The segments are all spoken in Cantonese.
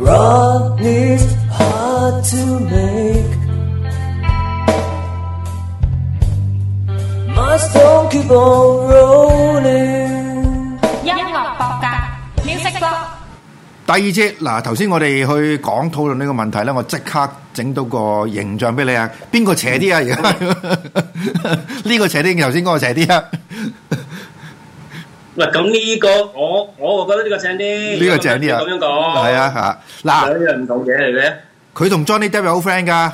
音樂博格 Music Blog。第二節。嗱，頭先我哋去講討論呢個問題咧，我即刻整到個形象俾你啊！邊、嗯、 個邪啲啊？而家呢個邪啲，頭先嗰個邪啲啊！嗱，咁呢個我我就覺得呢個正啲，呢個正啲啊，咁樣講係啊吓。嗱，呢樣唔同嘢嚟嘅。佢同 Johnny Depp 好 friend 噶，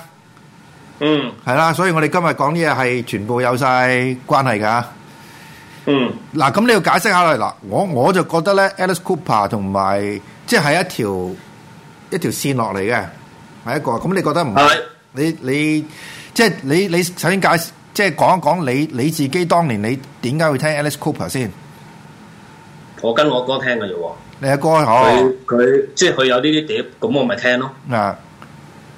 嗯，係啦，所以我哋今日講呢嘢係全部有晒關係噶，嗯。嗱，咁你要解釋下嚟，嗱，我我就覺得咧，Alice Cooper 同埋，即係一條一條線落嚟嘅係一個咁，你覺得唔係係你你即係你你首先解即係講一講你你自己當年你點解會聽 Alice Cooper 先？我跟我哥聽嘅啫，你阿哥好，佢，佢即係佢有呢啲碟，咁我咪聽咯。嗱，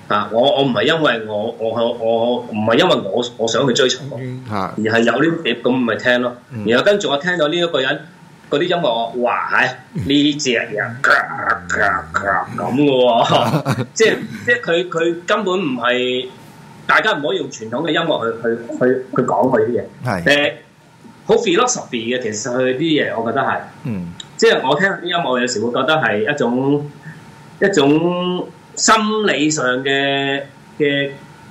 嗱，我我唔係因為我我我我唔係因為我我想去追尋咯，而係有呢啲碟咁咪聽咯。然後跟住我聽到呢一個人嗰啲音樂，哇，係呢隻人咁嘅，即係即係佢佢根本唔係，大家唔可以用傳統嘅音樂去去去去講佢啲嘢。係。好 philosophy 嘅，其實佢啲嘢我覺得係，嗯，即係我聽啲音樂，有時會覺得係一種一種心理上嘅嘅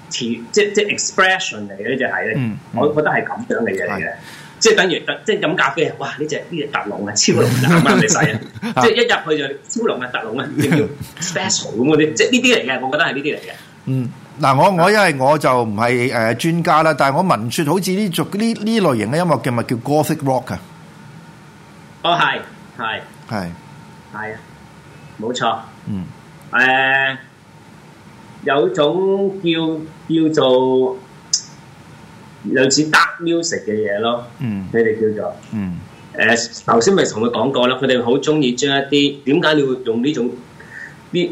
詞，即即 expression 嚟嘅呢只係咧，嗯嗯、我覺得係咁樣嘅嘢嚟嘅，即係等於即咁夾飛，哇！呢隻呢隻特龍啊，超龍啊，啱啱你使啊？啊啊 即係一入去就超龍啊，特龍啊，點叫 special 咁嗰啲，即係呢啲嚟嘅，我覺得係呢啲嚟嘅，嗯。嗱，我我因為我就唔係誒專家啦，但係我聞說好似呢種呢呢類型嘅音樂叫咪叫 Gothic Rock 啊？哦，係係係係啊，冇錯。嗯。誒，有種叫叫做類似 dark music 嘅嘢咯。嗯。你哋叫做嗯。誒，頭先咪同佢講過啦，佢哋好中意將一啲，點解你會用呢種啲？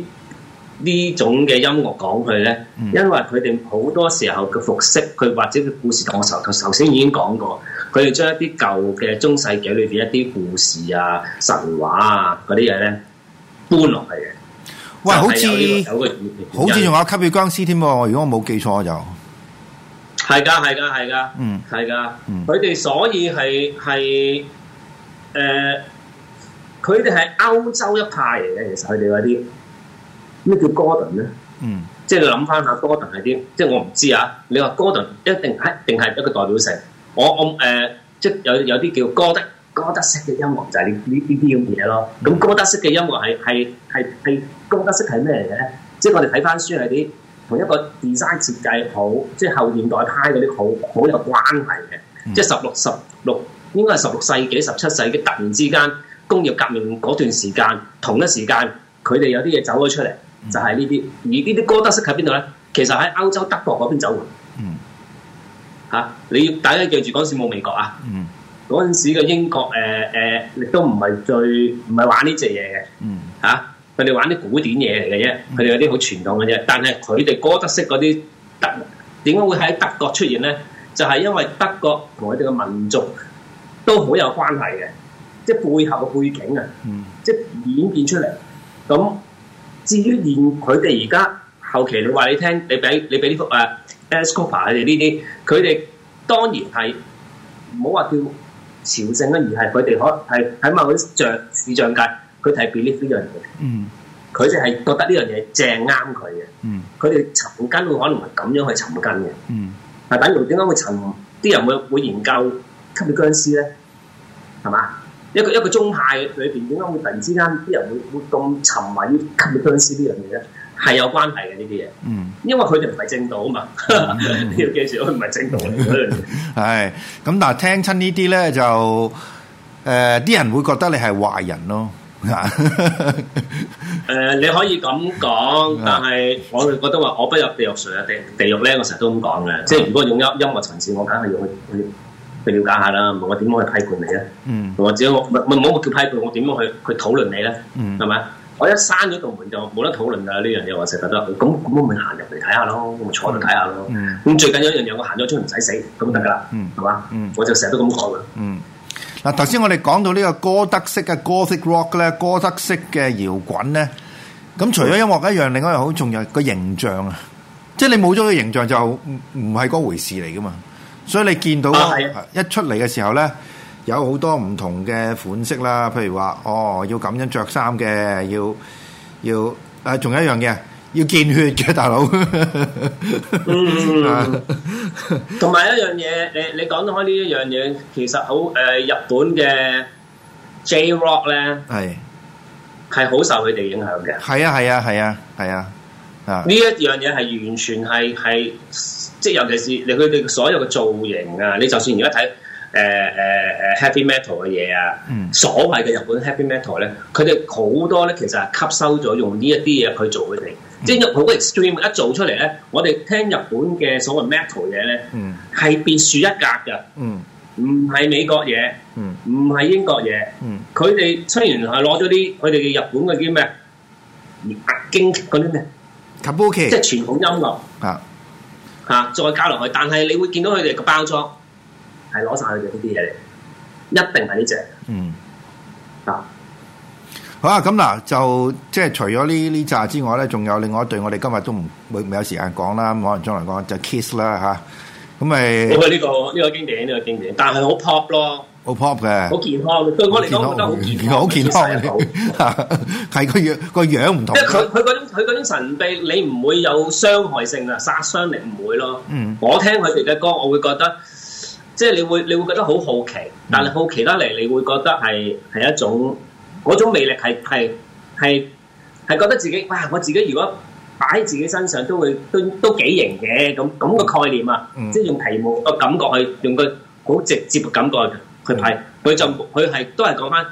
呢種嘅音樂講佢咧，因為佢哋好多時候嘅服飾，佢或者嘅故事講述，頭頭先已經講過，佢哋將一啲舊嘅中世紀裏邊一啲故事啊、神話啊嗰啲嘢咧搬落去嘅。喂，好似好似仲有吸血殭屍添喎！如果我冇記錯就係㗎，係㗎，係㗎，嗯，係㗎，嗯，佢哋所以係係誒，佢哋係歐洲一派嚟嘅，其實佢哋嗰啲。咩叫 Gordon 咧？嗯，即係你諗翻下，Gordon 係啲，即係我唔知啊。你話 Gordon 一定係一定係一個代表性。我我誒、呃，即係有有啲叫哥德哥德式嘅音樂，就係呢呢啲咁嘢咯。咁、嗯、哥德式嘅音樂係係係係哥德式係咩嚟嘅咧？即係我哋睇翻書係啲同一個 design 設計好，即係後現代派嗰啲好好有關係嘅。嗯、即係十六十六應該係十六世紀十七世紀突然之間工業革命嗰段時間，同一時間佢哋有啲嘢走咗出嚟。就係呢啲，而呢啲歌德式喺邊度咧？其實喺歐洲德國嗰邊走嘅。嗯。嚇、啊，你要大家記住嗰陣時冇美國啊。嗯。嗰陣時嘅英國，誒、呃、誒、呃，亦都唔係最唔係玩呢隻嘢嘅。嗯。嚇、啊，佢哋玩啲古典嘢嚟嘅啫，佢哋、嗯、有啲好傳統嘅啫。但係佢哋歌德式嗰啲德，點解會喺德國出現咧？就係、是、因為德國同佢哋嘅民族都好有關係嘅，即係背後嘅背景啊。嗯嗯、即係演變出嚟，咁。至於連佢哋而家後期你你，你話你聽，你俾你俾呢幅誒 s c o p a r 佢哋呢啲，佢哋當然係唔好話叫朝聖啦，而係佢哋可能係喺某嗰啲像市象界，佢睇 believe 呢樣嘢。嗯，佢哋係覺得呢樣嘢正啱佢嘅。嗯，佢哋尋根會可能係咁樣去尋根嘅。嗯、mm.，嗱，等於點解會尋？啲人會會研究吸血僵屍咧？係嘛？一個一個宗派裏邊，點解會突然之間啲人會會咁沉迷要吸血僵屍呢樣嘢咧？係有關係嘅呢啲嘢。嗯，因為佢哋唔係正道啊嘛。你要記住，佢唔係正道。係咁， 但係聽親呢啲咧就誒，啲、呃、人會覺得你係壞人咯。誒、 呃，你可以咁講，但係我會覺得話我不入地獄誰入地地獄咧，我成日都咁講嘅。嗯、即係如果用音音樂層次，我梗係用去去。去了解下啦，我點樣去批判你咧？嗯，或者我唔唔好叫批判，我點樣去去討論你咧？嗯，係咪？我一閂咗道門就冇得討論啊！呢樣嘢我成日都咁，咁咁我咪行入嚟睇下咯，我坐度睇下咯。嗯，咁最緊要一樣嘢，我行咗出唔使死，咁得噶啦。嗯，係嘛？嗯，我就成日都咁講嘅。嗯，嗱頭先我哋講到呢個歌德式嘅歌 rock 咧，歌德式嘅搖滾咧，咁除咗音樂一樣，另外好重要一個形象啊！即係你冇咗個形象就唔唔係嗰回事嚟噶嘛。所以你見到、哦、一出嚟嘅時候咧，有好多唔同嘅款式啦，譬如話哦，要咁樣着衫嘅，要要誒，仲、呃、有一樣嘢，要見血嘅大佬。同埋一樣嘢，你你講到開呢一樣嘢，其實好誒、呃，日本嘅 J-Rock 咧，係係好受佢哋影響嘅。係啊，係啊，係啊，係啊。呢一、啊、樣嘢係完全係係即係尤其是你佢哋所有嘅造型啊，你就算而家睇誒誒、呃、誒、呃、heavy metal 嘅嘢啊，嗯、所謂嘅日本 heavy metal 咧，佢哋好多咧，其實係吸收咗用呢一啲嘢去做佢哋，嗯、即係日本 extreme 一做出嚟咧，我哋聽日本嘅所謂 metal 嘢咧，係、嗯、別樹一格嘅，唔係、嗯、美國嘢，唔係、嗯、英國嘢，佢哋、嗯、雖然係攞咗啲佢哋嘅日本嘅啲咩，壓驚嗰啲咩。即係傳統音樂啊啊，再加落去，但係你會見到佢哋嘅包裝係攞晒佢哋呢啲嘢嚟，一定係呢隻嗯啊好啊，咁嗱就即係除咗呢呢扎之外咧，仲有另外一對我，我哋今日都唔會唔有時間講啦。咁可能將來講就 Kiss 啦嚇，咁咪，好啊，呢個呢個經典，呢個經典，但係好 pop 咯。好 pop 嘅，好健康。對我嚟講，覺得好健康，好健康。係個樣個樣唔同。即佢佢嗰種佢嗰種神秘，你唔會有傷害性啊，殺傷力唔會咯。嗯，我聽佢哋嘅歌，我會覺得即係你會你會覺得好好奇，但係好奇得嚟，你會覺得係係一種嗰種魅力，係係係係覺得自己哇！我自己如果擺喺自己身上，都會都都幾型嘅咁咁個概念啊！嗯、即係用題目用個感覺去用個好直接嘅感覺。佢係佢就佢係都係講翻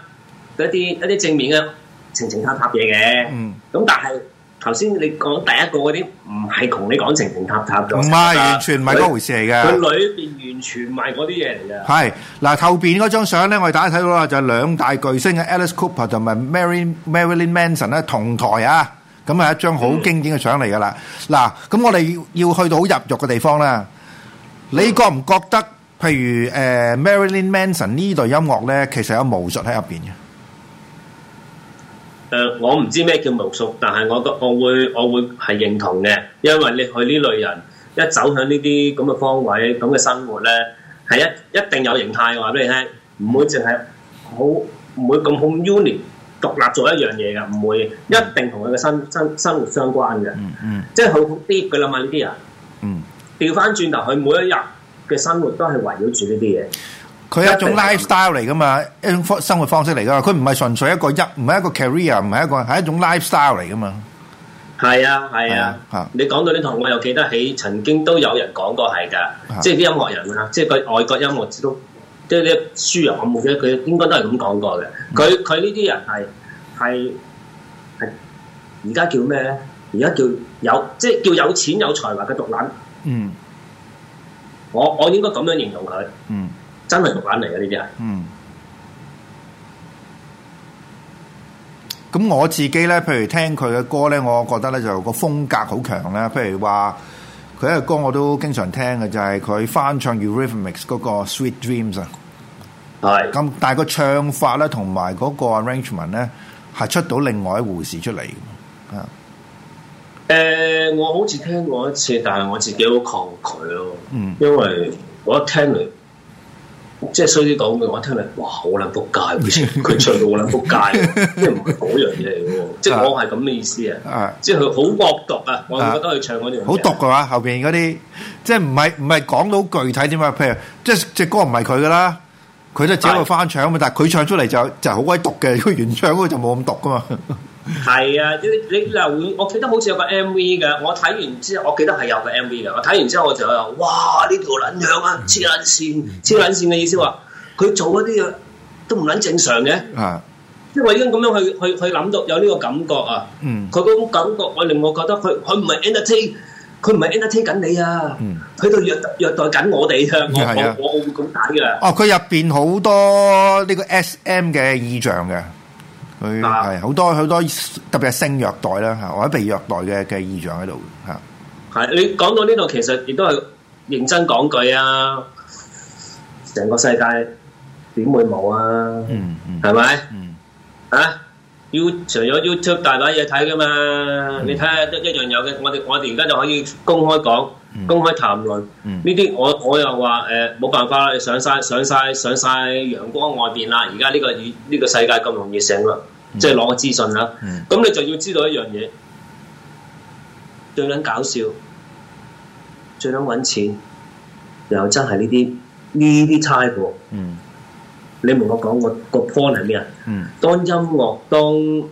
一啲一啲正面嘅情情塔塔嘢嘅，咁但係頭先你講第一個嗰啲唔係同你講情情塔塔嘅，唔係完全唔係嗰回事嚟嘅。佢裏邊完全唔係嗰啲嘢嚟嘅。係，嗱，後邊嗰張相咧，我哋大家睇到啦，就係兩大巨星嘅，Alice Cooper 同埋 Mary Marilyn Manson 咧同台啊，咁係一張好經典嘅相嚟㗎啦。嗱，咁我哋要要去到好入肉嘅地方啦，你覺唔覺得？譬如誒、uh, Marilyn Manson 呢度音樂咧，其實有巫術喺入邊嘅。誒，我唔知咩叫巫術，但係我覺我會我會係認同嘅，因為你佢呢類人一走向呢啲咁嘅方位、咁嘅生活咧，係一一定有形態話俾你聽，唔會淨係好唔會咁好 uni 獨立做一樣嘢嘅，唔會一定同佢嘅生、嗯、生生活相關嘅。嗯嗯，即係好啲。deep 嘅啦嘛呢啲啊。嗯，調翻轉頭，佢、嗯、每一日嘅生活都係圍繞住呢啲嘢，佢係一種 lifestyle 嚟噶嘛，一種生活方式嚟噶，佢唔係純粹一個一，唔係一個 career，唔係一個，係一種 lifestyle 嚟噶嘛。係啊，係啊，吓、啊，你講到呢度，我又記得起，曾經都有人講過係噶、啊，即係啲音樂人啊，即係個外國音樂之都，即係啲輸入冇嘅啫，佢應該都係咁講過嘅。佢佢呢啲人係係係而家叫咩咧？而家叫有，即係叫有錢有才華嘅獨男，嗯。我我應該咁樣形容佢，嗯，真係獨眼嚟嘅呢啲係，嗯。咁我自己咧，譬如聽佢嘅歌咧，我覺得咧就個風格好強咧。譬如話佢一個歌我都經常聽嘅，就係、是、佢翻唱 e Dreams, 是《Eurythmics》嗰個《Sweet Dreams》啊。係。咁但係個唱法咧，同埋嗰個 Arrangement 咧，係出到另外一回事出嚟嘅。啊！誒、呃，我好似聽過一次，但係我自己好抗拒咯，因為我一聽嚟，即係衰啲講句，我聽嚟哇，好撚仆街！佢 唱，到好撚仆街，即係唔係嗰樣嘢嚟，即係我係咁嘅意思啊！即係佢好惡毒啊！我唔覺得佢唱嗰啲好毒嘅嘛，後邊嗰啲即係唔係唔係講到具體點啊？譬如即係隻歌唔係佢噶啦，佢都只係翻唱嘛，的但係佢唱出嚟就就係好鬼毒嘅，佢原唱就冇咁毒噶嘛。 係啊，你你嗱，我我記得好似有個 MV 嘅，我睇完之後，我記得係有個 MV 嘅，我睇完之後我就話，哇，呢條捻樣啊，黐捻線，黐捻線嘅意思話，佢做嗰啲啊，都唔捻正常嘅。即係我已經咁樣去去去諗到有呢個感覺啊。佢嗰種感覺，我令我覺得佢佢唔係 entertain，佢唔係 entertain 緊你啊。佢度虐虐待緊我哋啊。係我、啊、我，我會咁解嘅。哦，佢入邊好多呢、這個 SM 嘅意象嘅。係好多好多，特別係性虐待啦，或者被虐待嘅嘅意象喺度。吓，係你講到呢度，其實亦都係認真講句啊！成個世界點會冇啊？嗯係咪？嗯，吧嗯啊，YouTube 除咗有 YouTube 大把嘢睇噶嘛？嗯、你睇下都一樣有嘅。我哋我哋而家就可以公開講、公開談論呢啲、嗯嗯。我我又話誒，冇、呃、辦法啦，上晒上晒上晒陽光外邊啦。而家呢個呢、這個世界咁容易醒啦。即係攞個資訊啦，咁、嗯、你就要知道一樣嘢，嗯、最撚搞笑，最撚揾錢，又真係呢啲呢啲差貨。Type 嗯、你明我講我個 point 係咩啊？嗯、當音樂當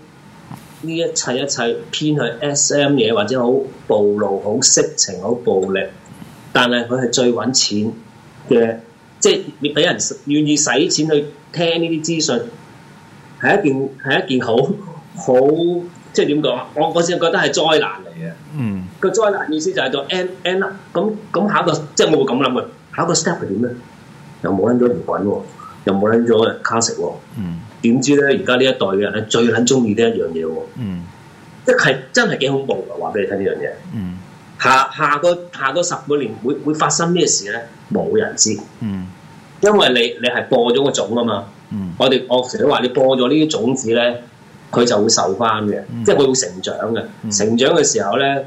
呢一切一切偏向 SM 嘢，或者好暴露、好色情、好暴力，但係佢係最揾錢嘅，即係俾人願意使錢去聽呢啲資訊。係一件係一件好好，即係點講啊？我我先覺得係災難嚟嘅。嗯，個災難意思就係做 end end 啦。咁咁下一個，即係我會咁諗嘅。下一個 step 係點咧？又冇拎咗條滾，又冇拎咗卡石。嗯，點知咧？而家呢一代嘅人最捻中意呢一樣嘢。嗯，即係真係幾恐怖啊。話俾你聽呢樣嘢。嗯，下下個下個十個年會會發生咩事咧？冇人知。嗯，因為你你係播咗個種啊嘛。我哋我成日都話你播咗呢啲種子咧，佢就會受翻嘅，即係佢會成長嘅。成長嘅時候咧，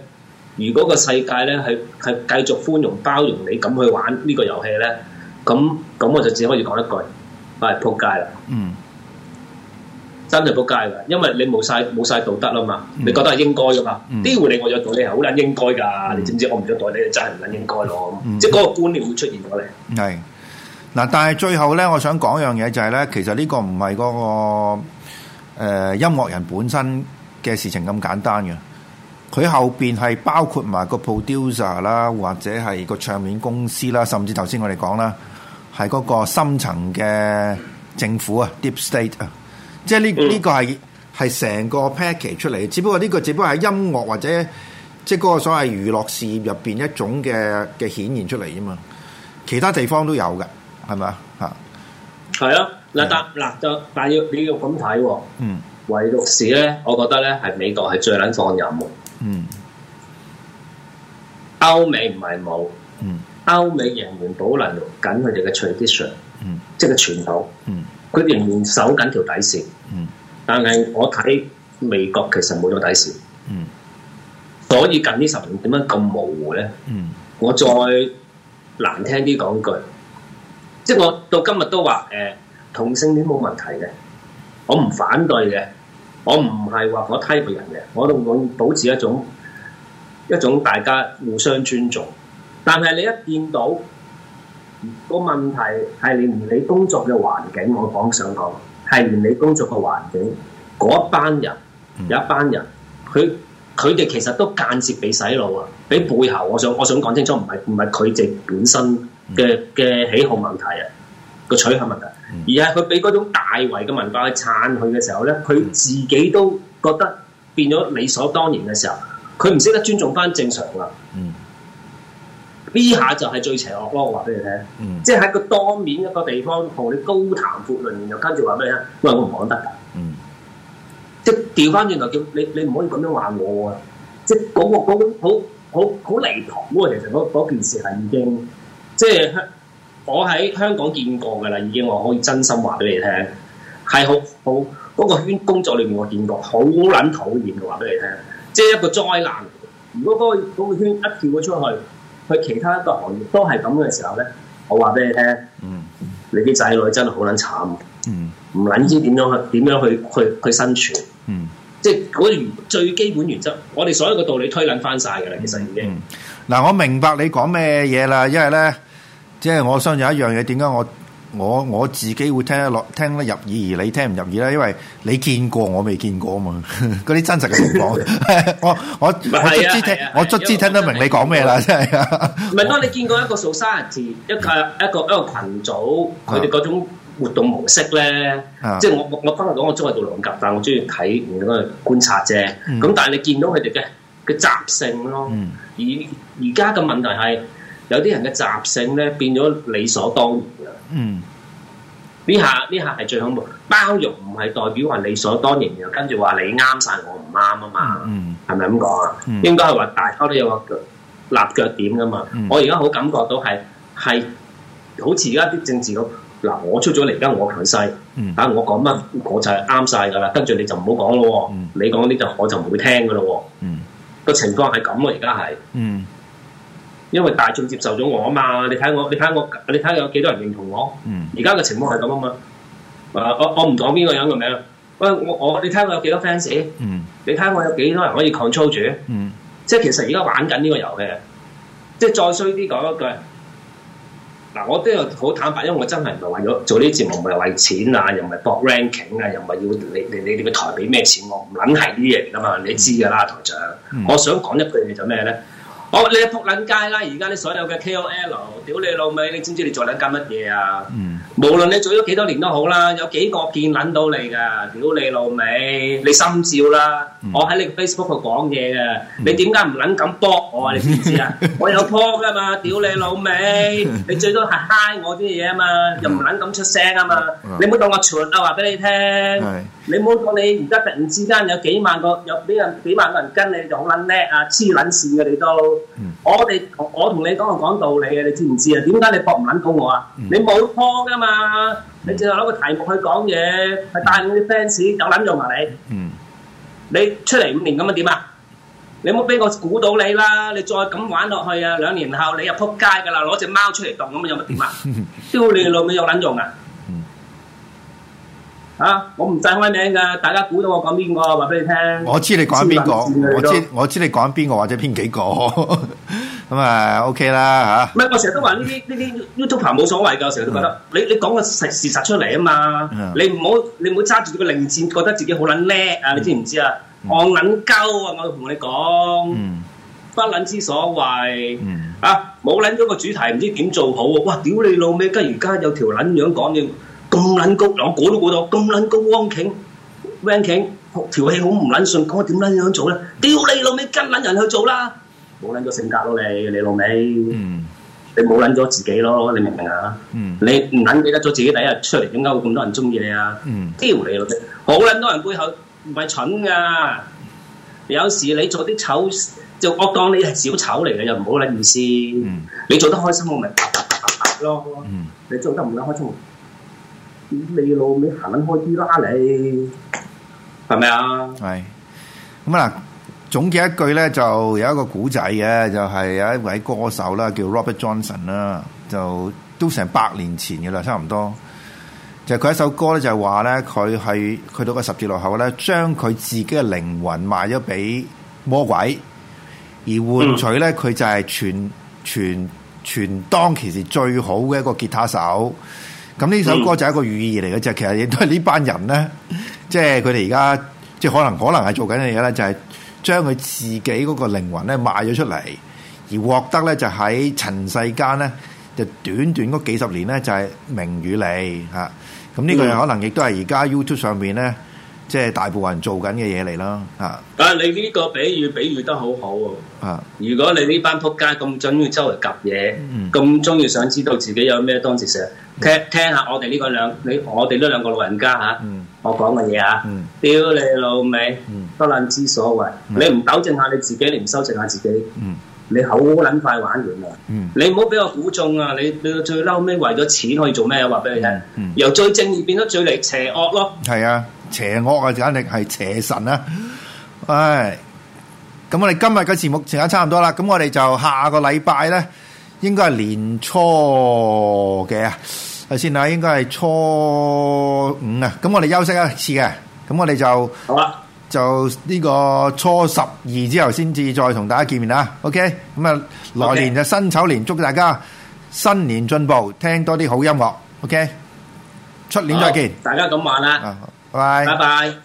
如果個世界咧係係繼續寬容包容你咁去玩個遊戲，呢個遊戲咧，咁咁我就只可以講一句，係、哎、撲街啦。嗯，真係撲街噶，因為你冇晒冇晒道德啦嘛，你覺得係應該噶嘛？啲道、嗯、理我虐待你係好捻應該噶，你知唔知我代？我唔虐待你，就真係唔捻應該咯。即係嗰個觀念會出現咗嚟，係、嗯。嗯嗯嗯嗱，但係最後咧，我想講一樣嘢就係咧，其實呢個唔係嗰個、呃、音樂人本身嘅事情咁簡單嘅，佢後邊係包括埋個 producer 啦，或者係個唱片公司啦，甚至頭先我哋講啦，係嗰個深層嘅政府啊，deep state 啊、這個，即係呢呢個係係成個 package 出嚟，只不過呢個只不過喺音樂或者即係嗰個所謂娛樂事業入邊一種嘅嘅顯現出嚟啫嘛，其他地方都有嘅。係咪啊？吓，係 咯。嗱， 但嗱就但要你要咁睇喎。嗯，唯獨是咧，我覺得咧係美國係最捻放任。嗯，歐美唔係冇。嗯，歐美仍然保留緊佢哋嘅 tradition。嗯，即係傳統。嗯，佢仍然守緊條底線。嗯，但係我睇美國其實冇咗底線。嗯，所以近呢十年點解咁模糊咧？嗯，我再難聽啲講句。即係我到今日都話誒、呃、同性戀冇問題嘅，我唔反對嘅，我唔係話我批評人嘅，我都會保持一種一種大家互相尊重。但係你一見到個問題係你唔理工作嘅環境，我講想講係唔理工作嘅環境嗰一班人有一班人，佢佢哋其實都間接畀洗腦啊，畀背後我想我想講清楚，唔係唔係佢哋本身。嘅嘅喜好問題啊，個取向問題，問題，嗯、而係佢俾嗰種大圍嘅文化去撐佢嘅時候咧，佢自己都覺得變咗理所當然嘅時候，佢唔識得尊重翻正常啦。呢、嗯、下就係最邪惡咯，我話俾你聽。嗯、即即喺個當面一個地方同你高談闊論，又跟住話俾你聽，喂，我唔講得。嗯，即調翻轉頭叫你你唔可以咁樣話我啊！即嗰、那個嗰種好好好離譜喎，其實嗰件事係已經。已經即係香，我喺香港見過噶啦，已經我可以真心話俾你聽，係好好嗰個圈工作裏面我見過，好撚討厭嘅話俾你聽，即係一個災難。如果嗰個嗰個圈一跳咗出去，佢其他一個行業都係咁嘅時候咧，我話俾你聽，嗯，你啲仔女真係好撚慘，嗯，唔撚知點樣去點樣去去去生存，嗯，即係嗰啲最基本原則，我哋所有嘅道理推撚翻晒嘅啦，嗯、其實已經、嗯。嗱，我明白你講咩嘢啦，因為咧。即係我相信有一樣嘢，點解我我我自己會聽得落聽得入耳，而你聽唔入耳咧？因為你見過我未見過啊嘛，嗰啲真實嘅情況。我我我卒之聽，我卒之聽得明你講咩啦，真係啊！唔係當你見過一個 society，一個一個一個羣組佢哋嗰種活動模式咧，即係我我我翻嚟講，我中意做狼格，但我中意睇而家去觀察啫。咁但係你見到佢哋嘅嘅習性咯，而而家嘅問題係。有啲人嘅習性咧，變咗理所當然啦。嗯，呢下呢下係最恐怖。包容唔係代表話理所當然嘅，跟住話你啱晒我唔啱啊嘛。嗯，係咪咁講啊？嗯、應該係話大家都有個立腳點噶嘛。嗯、我而家好感覺到係係好似而家啲政治咁嗱，我出咗嚟，而家我強勢。嗯，啊，我講乜、嗯、我就係啱晒噶啦，跟住你就唔好講咯。嗯，你講嗰啲就我就唔會聽噶咯。嗯，個情況係咁咯，而家係。嗯。因為大眾接受咗我啊嘛，你睇我，你睇我，你睇有幾多人認同我？而家嘅情況係咁啊嘛。啊，我我唔講邊個人嘅名啦。喂，我我，我你睇我有幾多 fans？嗯、你睇我有幾多人可以 control 住？嗯、即係其實而家玩緊呢個遊戲。即係再衰啲講一句。嗱，我都有好坦白，因為我真係唔係為咗做呢啲節目，唔係為錢啊，又唔係搏 ranking 啊，又唔係要你你你哋個台俾咩錢我，唔撚係呢樣㗎嘛，你知㗎啦，台長。嗯、我想講一句你就咩咧？我、哦、你又撲撚街啦！而家啲所有嘅 K O L，屌你老味，你知唔知你做撚緊乜嘢啊？嗯，無論你做咗幾多年都好啦，有幾個見撚到你噶，屌你老味，你心照啦。嗯、我喺你 Facebook 度講嘢嘅，嗯、你點解唔撚咁博我啊？你知唔知啊？ 我有 po 噶嘛，屌你老味，你最多係嗨我啲嘢啊嘛，又唔撚咁出聲啊嘛，嗯嗯、你唔好當我蠢啊！話俾你聽。你冇講你而家突然之間有幾萬個，有啲人幾萬個人跟你就好撚叻啊，黐撚線嘅，你都，嗯、我哋我同你講係講道理嘅，你知唔知啊？點解你搏唔撚到我啊？嗯、你冇科噶嘛？你淨係攞個題目去講嘢，去、嗯、帶你啲 fans 有撚用嘛、啊嗯？你你出嚟五年咁樣點啊？你冇俾我估到你啦！你再咁玩落去啊，兩年後你又撲街噶啦！攞隻貓出嚟當咁樣有乜點啊？屌你老味有撚用啊？嗯啊！我唔晒開名噶，大家估到我講邊個話俾你聽。我知你講邊個，我知我知你講邊個或者邊幾個咁啊？OK 啦吓。唔係我成日都話呢啲呢啲 YouTuber 冇所謂噶，我成日都覺得你你講個實事實出嚟啊嘛。嗯、你唔好你唔好揸住個令箭，覺得自己好捻叻啊！你知唔知、嗯、啊？我捻鳩、嗯、啊！我同你講，不捻之所謂啊！冇捻咗個主題，唔知點做好。哇！屌你老味，跟而家有條捻樣講嘢。咁撚高，我估都估到，咁撚高汪 king，wangking，條氣好唔撚順，咁我點撚樣做咧？屌你老味，跟撚人去做啦！冇撚咗性格咯，你你老味，你冇撚咗自己咯，你明唔明啊？你唔撚記得咗自己第一日出嚟，點解會咁多人中意你啊？屌你老味，好撚多人背後唔係蠢㗎，有時你做啲醜，就我當你係小丑嚟嘅，又唔好撚意思。你做得開心，我咪咯。你做得唔撚開心。你路你行開啲啦，你係咪啊？係咁啊！嗱吧， 總結一句咧，就有一個古仔嘅，就係、是、有一位歌手啦，叫 Robert Johnson 啦，就都成百年前嘅啦，差唔多。就佢、是、一首歌咧，就係話咧，佢係去到個十字路口咧，將佢自己嘅靈魂賣咗俾魔鬼，而換取咧，佢就係全全全當其時最好嘅一個吉他手。咁呢首歌就係一個寓意嚟嘅，就係其實亦都係呢班人咧，即係佢哋而家即係可能可能係做緊嘅嘢咧，就係將佢自己嗰個靈魂咧，賣咗出嚟，而獲得咧就喺、是、塵世間咧，就短短嗰幾十年咧就係、是、名與利。嚇、啊。咁、這、呢個可能亦都係而家 YouTube 上面咧。即係大部分人做緊嘅嘢嚟啦，吓。啊，但係你呢個比喻比喻得好好啊！如果你呢班撲街咁中意周圍夾嘢，咁中意想知道自己有咩當食食，聽聽下我哋呢個兩你，我哋呢兩個老人家吓，我講嘅嘢吓，屌你老味，多卵之所謂！你唔糾正下你自己，你唔修正下自己，你好卵快玩完啦！你唔好俾我估中啊！你你最嬲尾為咗錢可以做咩？話俾你聽，由最正義變得最嚟邪惡咯，係啊！邪惡啊，肯定係邪神啦，啊！唉，哎，咁我哋今日嘅節目時間差唔多啦，咁我哋就下個禮拜咧，應該係年初幾係先啦，啊，應該係初五啊！咁我哋休息一次嘅，咁我哋就好啦，啊，就呢個初十二之後先至再同大家見面啦，啊。OK，咁啊，來年就辛丑年，啊，祝大家新年進步，聽多啲好音樂。OK，出年再見，大家咁話啦。拜拜。